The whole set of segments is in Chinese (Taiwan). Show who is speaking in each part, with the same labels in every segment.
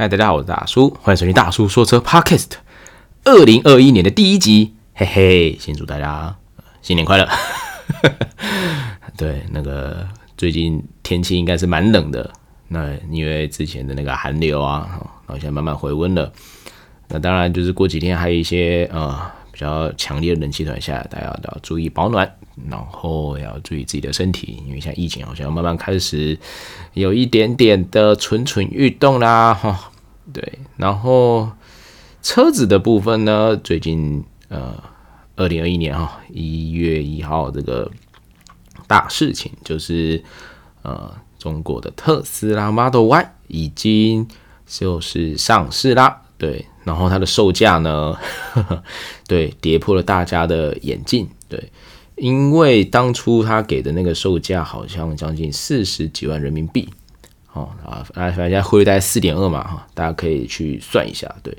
Speaker 1: 嗨，大家好，我是大叔，歡迎收聽《大叔說車》Podcast，二零二一年的第一集，嘿嘿，先祝大家新年快樂。 對，那個最近天氣應該是蠻冷的，那因為之前的那個寒流啊，然後現在慢慢回溫了，那當然就是過幾天還有一些啊。嗯比較強烈的冷氣團下，大家要，都要注意保暖，然後要注意自己的身體，因為現在疫情好像慢慢開始有一點點的蠢蠢欲動啦，哈，對。然後車子的部分呢，最近呃，二零二一年哈一月一號這個大事情就是呃，中國的特斯拉 Model Y 已經就是上市啦。對，然後它的售價呢呵呵？對，跌破了大家的眼鏡。對，因為當初他給的那個售價好像將近四十幾萬人民幣。哦啊啊，反正現在匯率大概四點二嘛，哈，大家可以去算一下。對，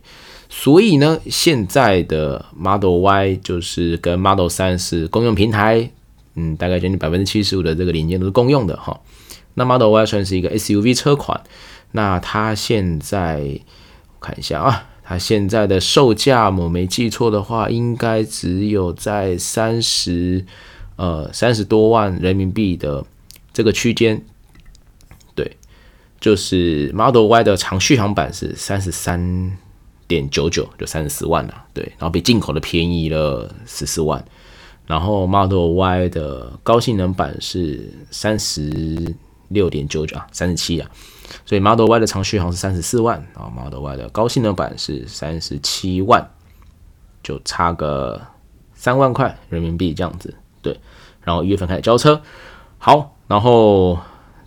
Speaker 1: 所以呢，現在的 Model Y 就是跟 Model 三是公用平台，嗯，大概將近百分之七十五的這個零件都是公用的，哈、哦。那 Model Y 算是一個 SUV 車款，那它現在。看一下啊，它現在的售價，我沒記錯的話，應該只有在三十，呃，三十多萬人民幣的這個區間。對，就是 Model Y 的長續航版是三十三點九九，就三十四萬了。對，然後比進口的便宜了十四萬。然後 Model Y 的高性能版是三十六點九九啊，三十七啊。所以 Model Y 的長續航是三十四萬，然後 Model Y 的高性能版是三十七萬，就差個三萬塊人民幣這樣子。對，然後一月份開始交車。好，然後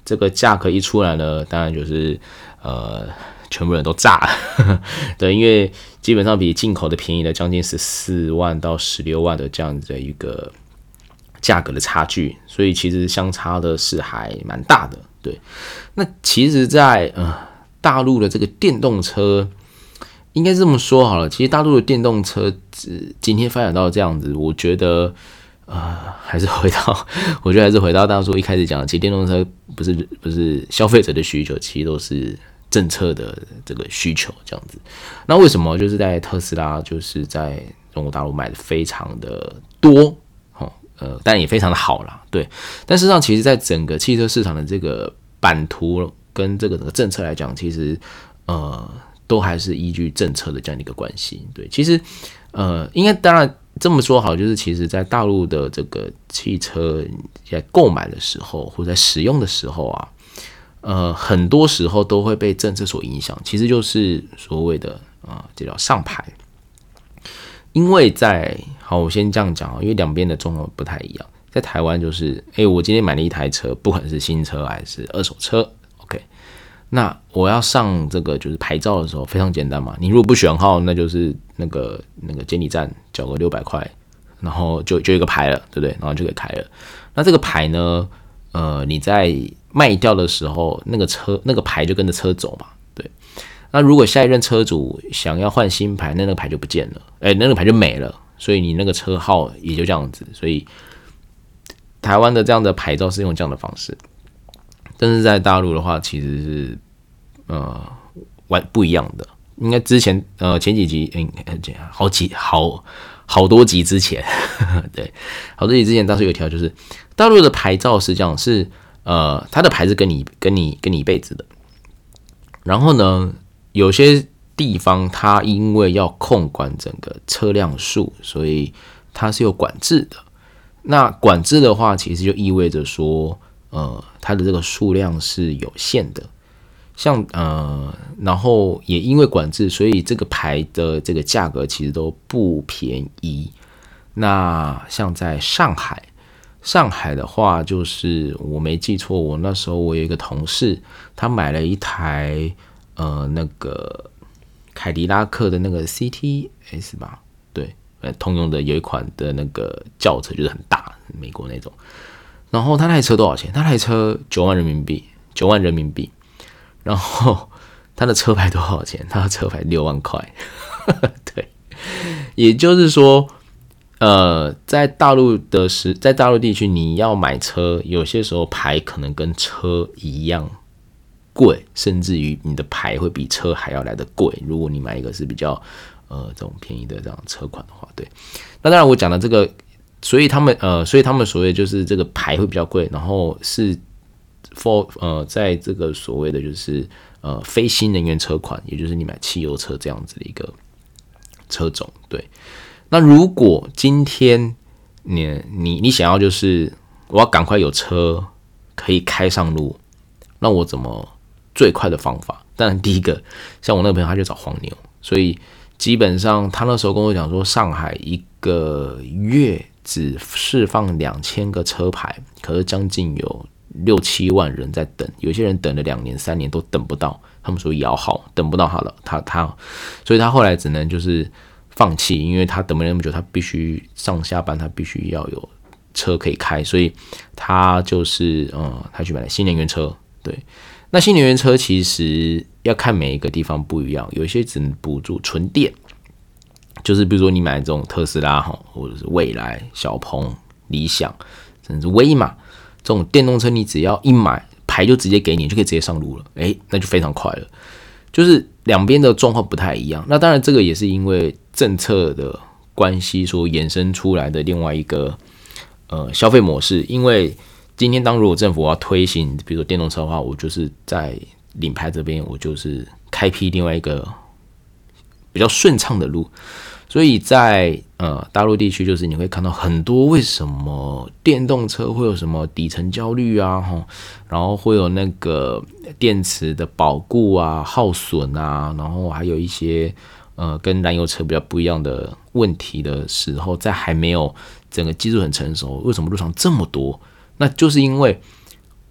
Speaker 1: 這個價格一出來呢，當然就是呃，全部人都炸了。 對，因為基本上比進口的便宜了將近十四萬到十六萬的這樣子的一個價格的差距，所以其實相差的是還蠻大的。對，那其實在，在呃大陸的這個電動車，應該是這麼說好了。其實大陸的電動車，只、呃、今天發展到這樣子，我覺得，呃，還是回到，我覺得還是回到當初一開始講的，其實電動車不是不是消費者的需求，其實都是政策的這個需求這樣子。那為什麼就是在特斯拉，就是在中國大陸買的非常的多？呃，但也非常的好啦，對。但實際上，其實在整個汽車市場的這個版圖跟這個整個政策來講，其實呃，都還是依據政策的這樣的一個關係。對，其實呃，應該當然這麼說好，就是其實在大陸的這個汽車在購買的時候或者在使用的時候啊，呃，很多時候都會被政策所影響。其實就是所謂的啊、呃，這叫上牌。因為在，好，我先這樣講啊，因為兩邊的狀況不太一樣。在台灣就是，哎、欸，我今天買了一台車，不管是新車還是二手車，OK，那我要上這個就是牌照的時候，非常簡單嘛。你如果不選號，那就是那個那個監理站繳個六百塊，然後就就一個牌了，對不對？然後就給開了。那這個牌呢，呃，你在賣掉的時候，那個車那個牌就跟着車走嘛。那如果下一任車主想要換新牌，那那個牌就不見了，哎、欸，那個牌就沒了，所以你那個車號也就這樣子。所以台灣的這樣的牌照是用這樣的方式，但是在大陸的話，其實是呃完不一樣的。應該之前呃前幾集，嗯、欸，好幾好好多集之前， 對，好多集之前，倒是有一條就是大陸的牌照是這樣，是呃，他的牌是跟你跟你跟你一輩子的，然後呢，有些地方它因為要控管整個車輛數，所以它是有管制的。那管制的話，其實就意味着說，呃，它的這個數量是有限的。像呃，然後也因為管制，所以這個牌的這個價格其實都不便宜。那像在上海，上海的話，就是我沒記錯，我那時候我有一個同事，他買了一台。呃，那個凱迪拉克的那個 CTS 吧，對，呃，通用的有一款的那個轎車就是很大，美國那種。然後他那車多少錢？他那車九萬人民幣，九萬人民幣。然後他的車牌多少錢？他的車牌六萬塊。 對，也就是說，呃，在大陸的時，在大陸地區，你要買車，有些時候牌可能跟車一樣貴，甚至於你的牌會比車還要來得貴。如果你買一個是比較呃這種便宜的這樣車款的話，對，那當然我講的這個，所以他們呃，所以他們所謂就是這個牌會比較貴，然後是 for 呃，在這個所謂的就是呃非新能源車款，也就是你買汽油車這樣子的一個車種。對，那如果今天你你你想要就是我要趕快有車可以開上路，那我怎麼？最快的方法，當然第一個，像我那個朋友，他去找黃牛，所以基本上他那時候跟我講說，上海一個月只釋放兩千個車牌，可是將近有六七萬人在等，有些人等了兩年、三年都等不到，他們說搖號等不到他了，他他，所以他後來只能就是放棄，因為他等不了那麼久，他必須上下班，他必須要有車可以開，所以他就是嗯，他去買了新能源車，對。那新能源車其實要看每一個地方不一樣，有一些只能補助純電，就是比如說你買這種特斯拉哈，或者是蔚來、小鵬、理想，甚至威馬這種電動車，你只要一買牌就直接給你，你就可以直接上路了，誒、欸，那就非常快了。就是兩邊的狀況不太一樣。那當然，這個也是因為政策的關係所衍生出來的另外一個呃消費模式，因為。今天，當如果政府要推行，比如說電動車的話，我就是在領牌這邊，我就是開闢另外一個比較順暢的路。所以在呃大陸地區，就是你會看到很多為什麼電動車會有什麼底層焦慮啊，吼，然後會有那個電池的保固啊、耗損啊，然後還有一些呃跟燃油車比較不一樣的問題的時候，在還沒有整個技術很成熟，為什麼路上這麼多？那就是因為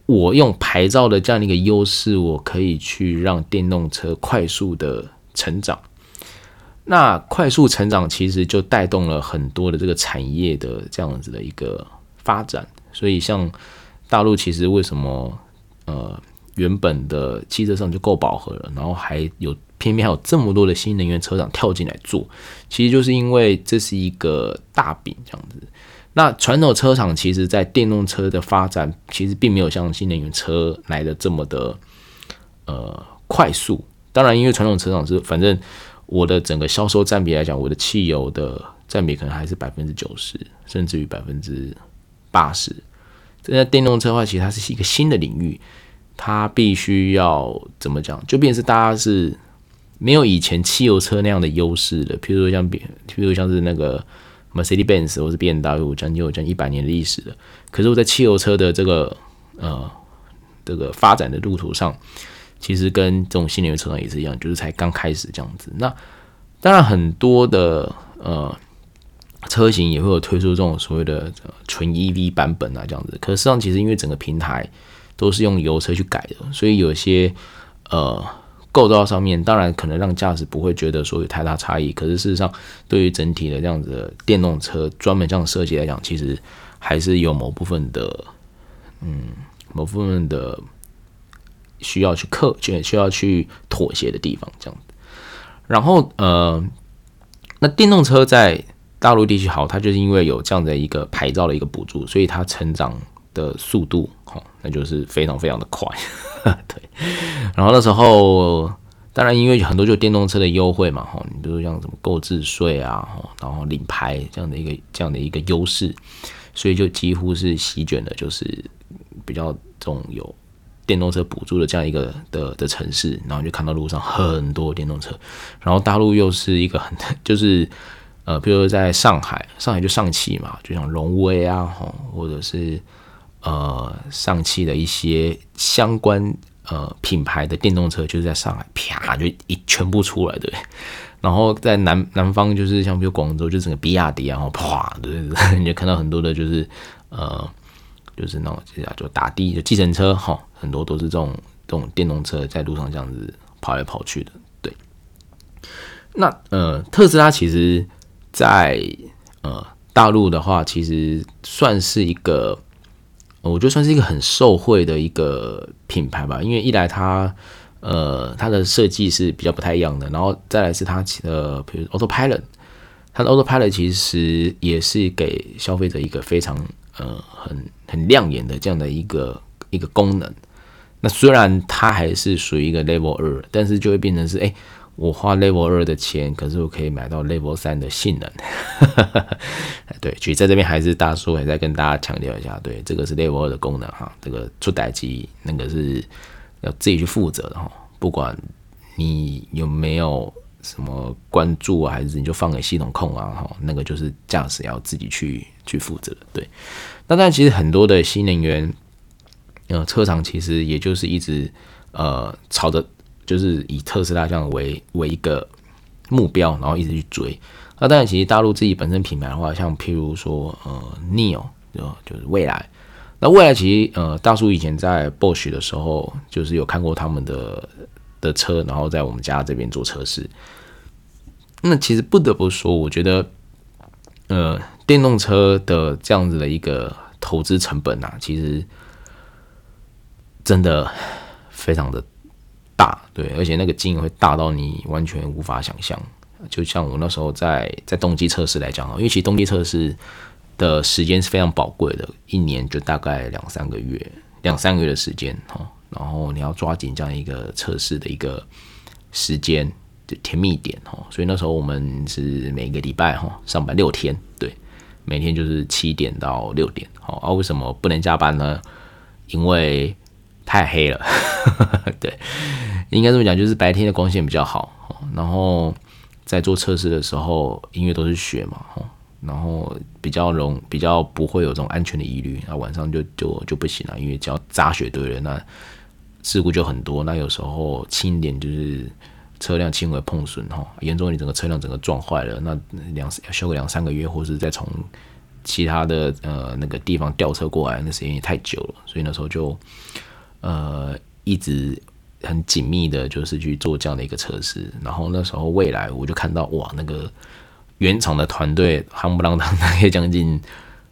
Speaker 1: 我用牌照的這樣的一個優勢，我可以去讓電動車快速的成長。那快速成長其實就帶動了很多的這個產業的這樣子的一個發展。所以像大陸其實為什麼呃原本的汽車市場就夠飽和了，然後還有偏偏還有這麼多的新能源車廠跳進來做，其實就是因為這是一個大餅這樣子。那傳統車廠其實，在電動車的發展，其實並沒有像新能源車來的這麼的呃快速。當然，因為傳統車廠是，反正我的整個銷售佔比來講，我的汽油的佔比可能還是百分之九十，甚至於百分之八十。現在電動車的話，其實它是一個新的領域，它必須要怎麼講？就變成大家是沒有以前汽油車那樣的優勢的，譬如說像比，譬如像是那個。Mercedes-Benz 或者是 BMW 將近有將近一百年的歷史了，可是我在汽油車的這個呃這個發展的路途上，其實跟這種新能源車上也是一樣，就是才剛開始這樣子。那當然很多的呃車型也會有推出這種所謂的純 EV 版本啊這樣子，可是實際上其實因為整個平台都是用油車去改的，所以有些呃。構造上面當然可能讓駕駛不會覺得說有太大差異，可是事實上，對於整體的這樣子的電動車專門這樣設計來講，其實還是有某部分的，嗯，某部分的需要去克，需要需要去妥協的地方這樣子。然後呃，那電動車在大陸地區好，它就是因為有這樣的一個牌照的一個補助，所以它成長。的速度，哈，那就是非常非常的快， 對。然後那時候，當然因為很多就電動車的優惠嘛，哈，你比如像什麼購置稅啊，然後領牌這樣的一個這樣的一個優勢，所以就幾乎是席捲了，就是比較這種有電動車補助的這樣一個的的，的城市，然後就看到路上很多電動車。然後大陸又是一個很就是，呃，比如說在上海，上海就上汽嘛，就像榮威啊，或者是。呃，上汽的一些相關呃品牌的電動車，就是在上海啪就一全部出來，對。然後在南南方，就是像比如廣州，就整個比亞迪啊，啪，對對對，你就看到很多的，就是呃，就是那種叫就打的就計程車哈，很多都是這種這種電動車在路上這樣子跑來跑去的，對。那呃，特斯拉其實在呃大陸的話，其實算是一個。我覺得算是一個很受惠的一個品牌吧，因為一來它，呃，它的設計是比較不太一樣的，然後再來是它呃，比如 Autopilot，它的 Autopilot 其實也是給消費者一個非常呃很很亮眼的這樣的一個一個功能。那雖然它還是屬於一個 Level 二，但是就會變成是哎、欸。我花 Level 二的錢，可是我可以買到 Level 三的性能。哈哈哈，對，其實在這邊還是大叔也在跟大家強調一下，對，這個是 Level 二的功能哈，這個出代誌，那個是要自己去負責的哈，不管你有沒有什麼關注啊，還是你就放給系統控啊哈，那個就是駕駛要自己去去負責。對，那但其實很多的新能源呃車廠其實也就是一直呃朝着。就是以特斯拉這樣為為一個目標，然後一直去追。那當然，其實大陸自己本身品牌的話，像譬如說呃，Nio 就，就是蔚來。那蔚來其實呃，大叔以前在 Bosch 的時候，就是有看過他們的的車，然後在我們家這邊做測試。那其實不得不說，我覺得呃，電動車的這樣子的一個投資成本吶、啊，其實真的非常的。大，對，而且那個勁會大到你完全無法想象。就像我那時候在在冬季測試來講哦，因為其實冬季測試的時間是非常寶貴的，一年就大概兩三個月，兩三個月的時間，然後你要抓緊這樣一個測試的一個時間，就甜蜜點，所以那時候我們是每個禮拜上班六天，對，每天就是七點到六點啊，為什麼不能加班呢？因為太黑了， 對。應該這麼講，就是白天的光線比較好，然後在做測試的時候，因為都是雪嘛，然後比較容比較不會有這種安全的疑慮。那晚上就就就不行了、啊，因為只要扎雪堆了，那事故就很多。那有時候輕一點就是車輛輕微碰損哈，嚴重你整個車輛整個撞壞了，那兩修個兩三個月，或是再從其他的呃那個地方吊車過來，那時間也太久了。所以那時候就呃一直。很緊密的，就是去做這樣的一個測試。然後那時候，未來我就看到哇，那個原廠的團隊，夯不啷當，大概將近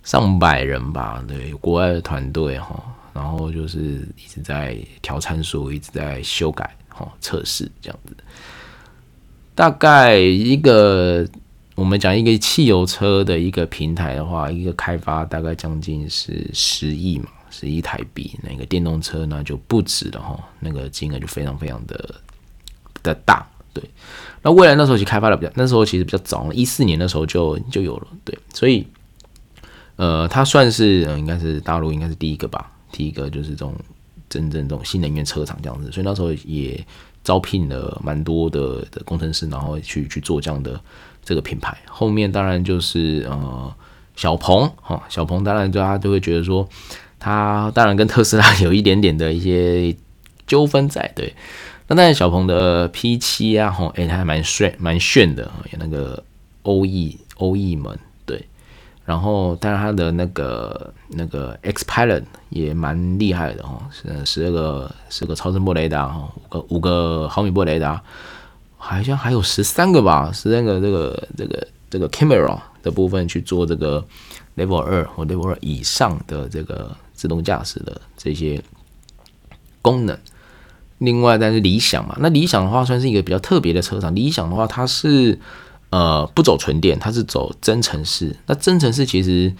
Speaker 1: 上百人吧，對，國外的團隊哈，然後就是一直在調參數，一直在修改哈，測試這樣子。大概一個，我們講一個汽油車的一個平台的話，一個開發大概將近是十億嘛。十一台比那個電動車呢，就不止了哈，那個金額就非常非常的的大，對。那蔚來那時候其實開發的比較，那時候其實比較早，一四年的時候就就有了，對。所以，呃，他算是、呃、應該是大陸應該是第一個吧，第一個就是這種真正這種新能源車廠這樣子。所以那時候也招聘了蠻多的的工程師，然後去去做這樣的這個品牌。後面當然就是呃小鵬哈，小鵬當然大家都會覺得說。它當然跟特斯拉有一點點的一些糾紛在，對。那但是小鵬的 P 七啊，吼、欸，誒，它還蠻炫，蠻炫的，有那個鷗翼鷗翼門，對。然後，但是它的那個那個 Xpilot 也蠻厲害的，哦、那個，是十二個，四個超聲波雷達，五個五個毫米波雷達，好像還有十三個吧，十三、那個這個這個這個 camera 的部分去做這個 Level 二和 Level 二以上的這個。自動駕駛的這些功能，另外，但是理想嘛，那理想的話算是一個比較特別的車廠。理想的話，它是呃不走純電，它是走增程式。那增程式其實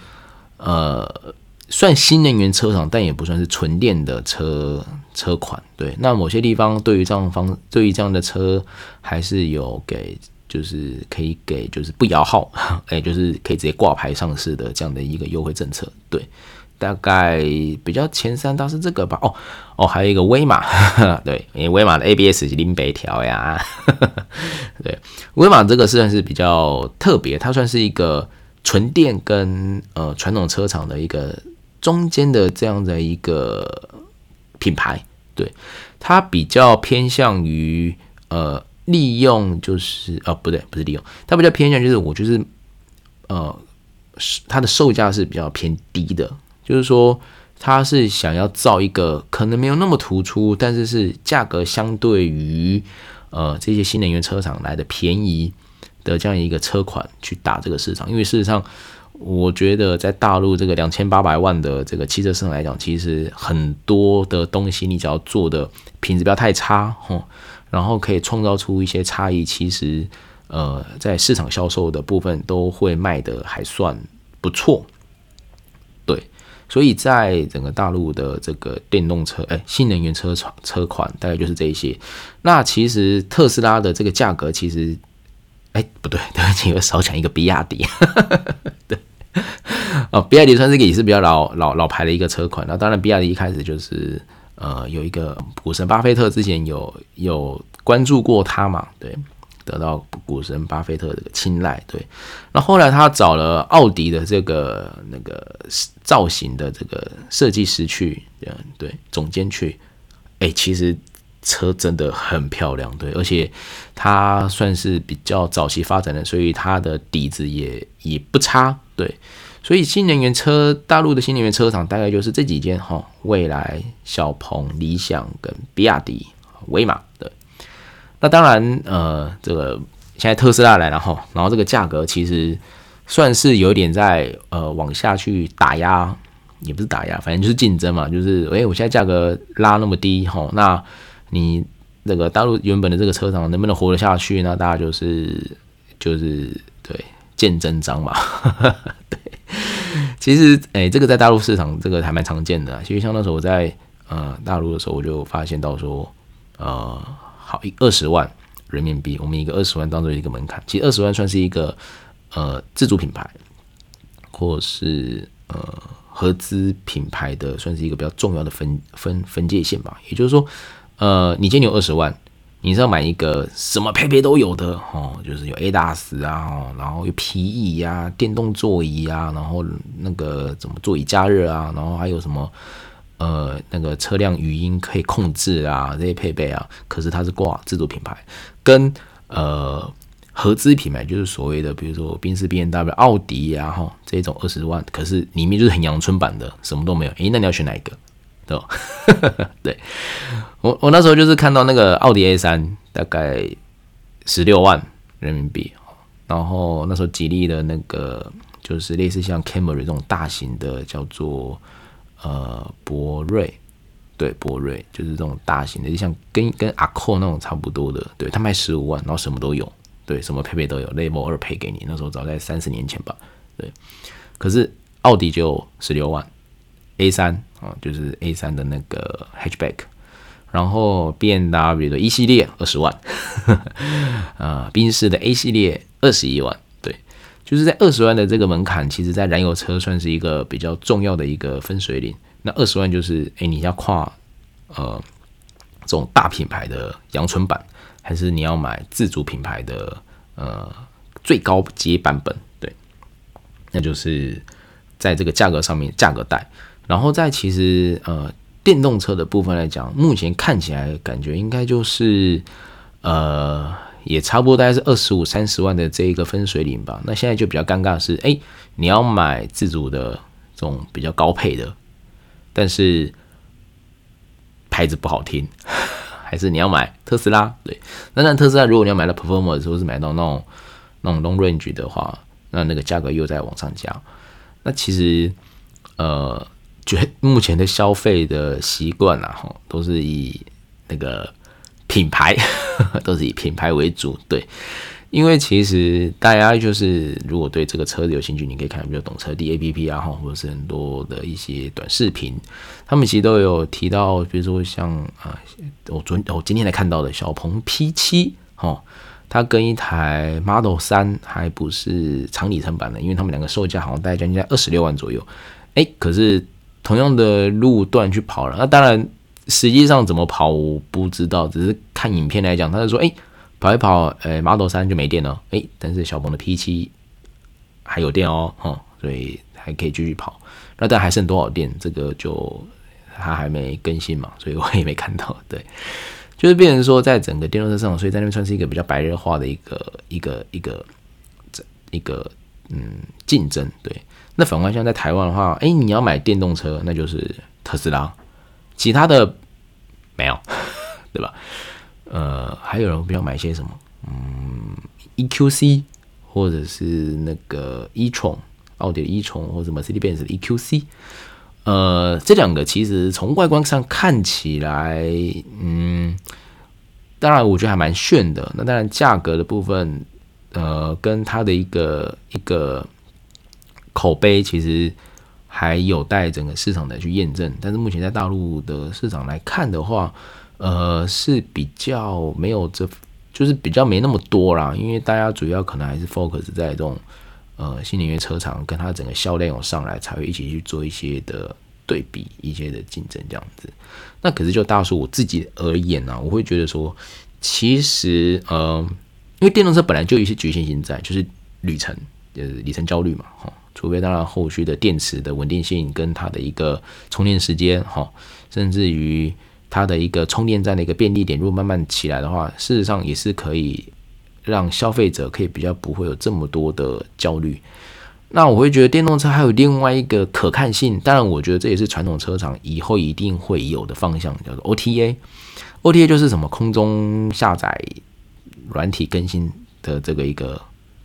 Speaker 1: 呃算新能源車廠，但也不算是純電的車車款。對，那某些地方對於這樣的方，對於這樣的車，還是有給就是可以給就是不搖號，哎，就是可以直接掛牌上市的這樣的一個優惠政策。對。大概比較前三大是這個吧？哦哦，還有一個威馬，呵呵，對，因為威馬的 ABS 是零北條呀、啊，對，威馬這個算是比較特別，它算是一個純電跟呃傳統車廠的一個中間的這樣的一個品牌，對，它比較偏向於呃利用就是哦不對不是利用，它比較偏向就是我就是呃它的售價是比較偏低的。就是說，他是想要造一個可能沒有那麼突出，但是是價格相對於呃這些新能源車廠來的便宜的這樣一個車款去打這個市場。因為事實上，我覺得在大陸這個兩千八百萬的這個汽車市場來講，其實很多的東西你只要做的品質不要太差，哦，然後可以創造出一些差異，其實呃在市場銷售的部分都會賣的還算不錯。所以在整個大陸的這個電動車，哎、欸，新能源車車款大概就是這一些。那其實特斯拉的這個價格，其實，哎、欸，不對，對不起，我少講一個比亞迪。對，哦，比亞迪算是一個也是比較老老老牌的一個車款。那當然，比亞迪一開始就是呃，有一個股神巴菲特之前有有關注過它嘛，對。得到股神巴菲特的這個青睞，對。那後，後來他找了奧迪的這個那個造型的這個設計師去，嗯，對，總監去。哎、欸，其實車真的很漂亮，對。而且他算是比較早期發展的，所以他的底子也也不差，對。所以新能源車大陸的新能源車廠大概就是這幾間哈：蔚來、小鵬、理想跟比亞迪、威馬，對。那當然，呃，這個現在特斯拉來了哈，然後這個價格其實算是有點在呃往下去打壓，也不是打壓，反正就是競爭嘛，就是哎、欸，我現在價格拉那麼低哈，那你這個大陸原本的這個車廠能不能活得下去？那大家就是就是對見真章嘛， 對，其實哎、欸，這個在大陸市場這個還蠻常見的。其實像那時候我在呃大陸的時候，我就發現到說呃。好，一二十萬人民幣，我們一個二十萬當做一個門檻。其實二十萬算是一個，呃，自主品牌或是呃合資品牌的，算是一個比較重要的分分分界線吧。也就是說，呃，你今天有二十萬，你是要買一個什麼配備都有的哦，就是有 A D A S 啊，然後有皮椅呀、啊、電動座椅啊，然後那個怎麼座椅加熱啊，然後還有什麼？呃，那個車輛語音可以控制啊，這些配備啊，可是它是掛自主品牌，跟呃合資品牌，就是所謂的，比如說賓士 BMW,、啊、BMW、奧迪呀，哈，這種二十多萬，可是裡面就是很陽春版的，什麼都沒有。誒、欸，那你要選哪一個？對吧，哈 哈，對我我那時候就是看到那個奧迪 A 三，大概十六萬人民幣，然後那時候吉利的那個就是類似像 Camry 這種大型的叫做。呃，博瑞，對，博瑞就是這種大型的，就像跟跟阿 Q 那種差不多的，對，他賣十五萬，然後什麼都有，對，什麼配備都有 l e e l 二配給你，那時候早在三十年前吧，對。可是奧迪就十六萬，A 三啊，就是 A 三的那個 hatchback，然後 BMW 的一、e、系列二十萬， 呃，賓士的 A 系列二十一萬。就是在二十萬的這個門檻，其實，在燃油車算是一個比較重要的一個分水嶺。那二十萬就是，誒、欸，你要跨，呃，這種大品牌的陽春版，還是你要買自主品牌的呃最高級版本？對，那就是在這個價格上面，價格帶。然後在其實呃電動車的部分來講，目前看起來感覺應該就是呃。也差不多，大概是二十五三十萬的這一個分水嶺吧。那現在就比較尷尬的是，哎、欸，你要買自主的這種比較高配的，但是牌子不好聽，還是你要買特斯拉？對，那但特斯拉，如果你要買到 Performance 或是買到那種那種 Long Range 的話，那那個價格又在往上加。那其實，呃，覺目前的消費的習慣啊，哈，都是以那個。品牌 都是以品牌為主，對，因為其實大家就是如果對這個車子有興趣，你可以看比較懂車帝 A P P 啊，或者是很多的一些短視頻，他們其實都有提到，比如說像啊，我昨我今天才看到的小鵬 P 七，哈，它跟一台 Model 三還不是長里程版的，因為他們兩個售價好像大概將近在二十六萬左右，哎，可是同樣的路段去跑了，那當然。實際上怎麼跑我不知道，只是看影片來講，他是說，哎、欸，跑一跑、欸、，，Model 3就沒電了，哎、欸，但是小鵬的 P7 還有電哦，嗯，所以還可以繼續跑。那但還剩多少電，這個就他還沒更新嘛，所以我也沒看到。對，就是變成說，在整個電動車市場，所以在那邊算是一個比較白熱化的一個一個一個這一個嗯競爭。對，那反觀像在台灣的話，哎、欸，你要買電動車，那就是特斯拉。其他的沒有， 對吧？呃，還有人會比較買些什麼？嗯，E Q C 或者是那個 E-tron 奧迪的 E-tron，或者什麼 Mercedes-Benz E Q C。呃，這兩個其實從外觀上看起來，嗯，當然我覺得還蠻炫的。那當然價格的部分，呃，跟它的一個一個口碑其實。還有待整個市場來去驗證，但是目前在大陸的市場來看的話，呃，是比較沒有這，就是比較沒那麼多啦，因為大家主要可能還是 focus 在這種呃新能源車廠，跟它整個銷量有上來才會一起去做一些的對比，一些的競爭這樣子。那可是就大叔我自己而言呢、啊，我會覺得說，其實呃，因為電動車本來就有一些局限性在，就是里程，就是里程焦慮嘛，哈。除非當然後續的電池的穩定性跟它的一個充電時間哈，甚至於它的一個充電站的一個便利點，如果慢慢起來的話，事實上也是可以讓消費者可以比較不會有這麼多的焦慮。那我會覺得電動車還有另外一個可看性，當然我覺得這也是傳統車廠以後一定會有的方向，叫做 OTA。OTA 就是什麼空中下載軟體更新的這個一個。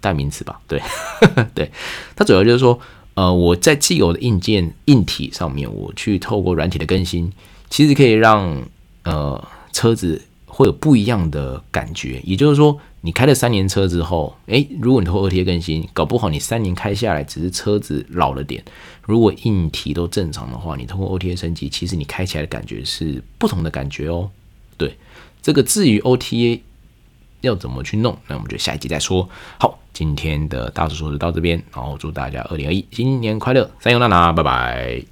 Speaker 1: 代名詞吧，對， 對，它主要就是說，呃，我在既有的硬件硬體上面，我去透過軟體的更新，其實可以讓呃車子會有不一樣的感覺。也就是說，你開了三年車之後，誒，如果你通過 OTA 更新，搞不好你三年開下來只是車子老了點，如果硬體都正常的話，你通過 OTA 升級，其實你開起來的感覺是不同的感覺哦。對，這個至於 OTA。要怎麼去弄？那我們就下一集再說。好，今天的《大致說》就到這邊，然後祝大家二零二一新年快樂，三，有娜娜，拜拜。